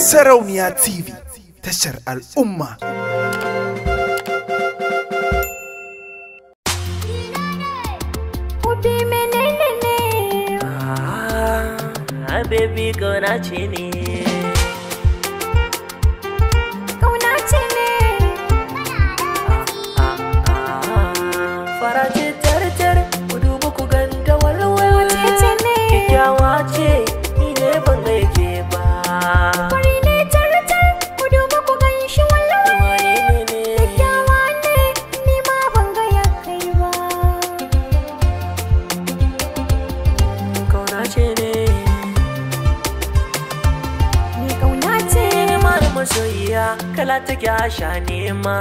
Sarauniya TV tashar al'umma. Kudi menene ne? Ah, baby gona ce ne. Gona ce ne. masoyiya kala take sha nema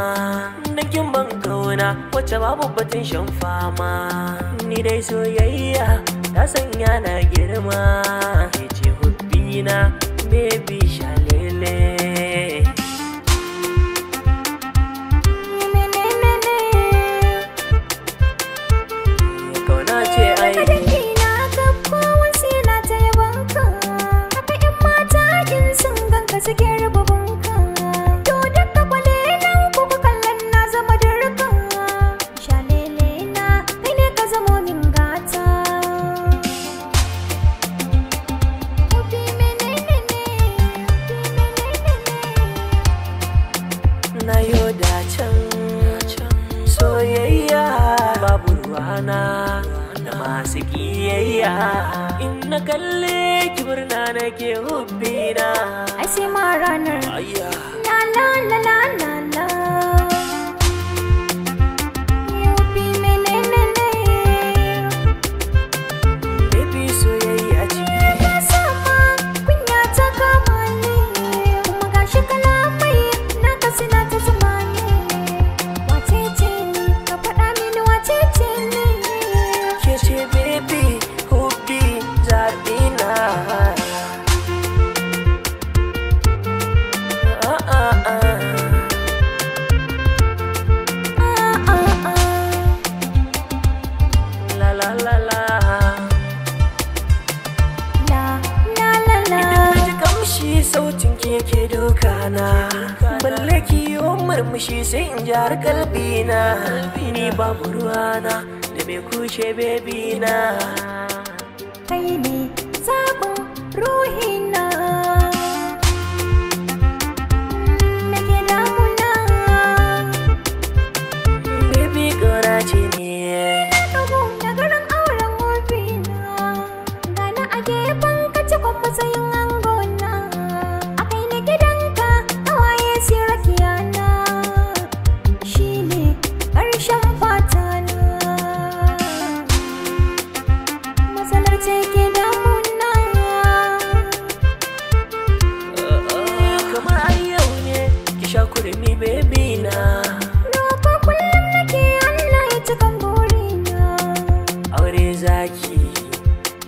nakin ban kauna wacce babu batun shan fama ni dai soyayya ta sanya na girma rana da masu kiyayya in na kalle kibar na nake hubbina ai sai ma ranar la la la la la shi sautin keke doka na balle kiyo murmushi sai in jar kalbi na ni babu na da mai kushe bebi na naki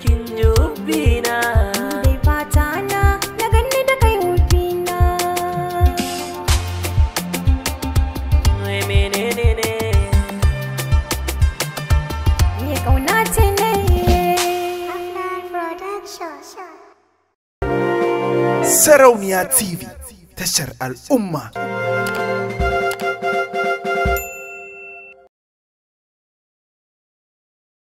kin ji hubbina dai fata na na ganni da kai hubbina menene ne ne kauna ce ne Sarauniya TV tashar al'umma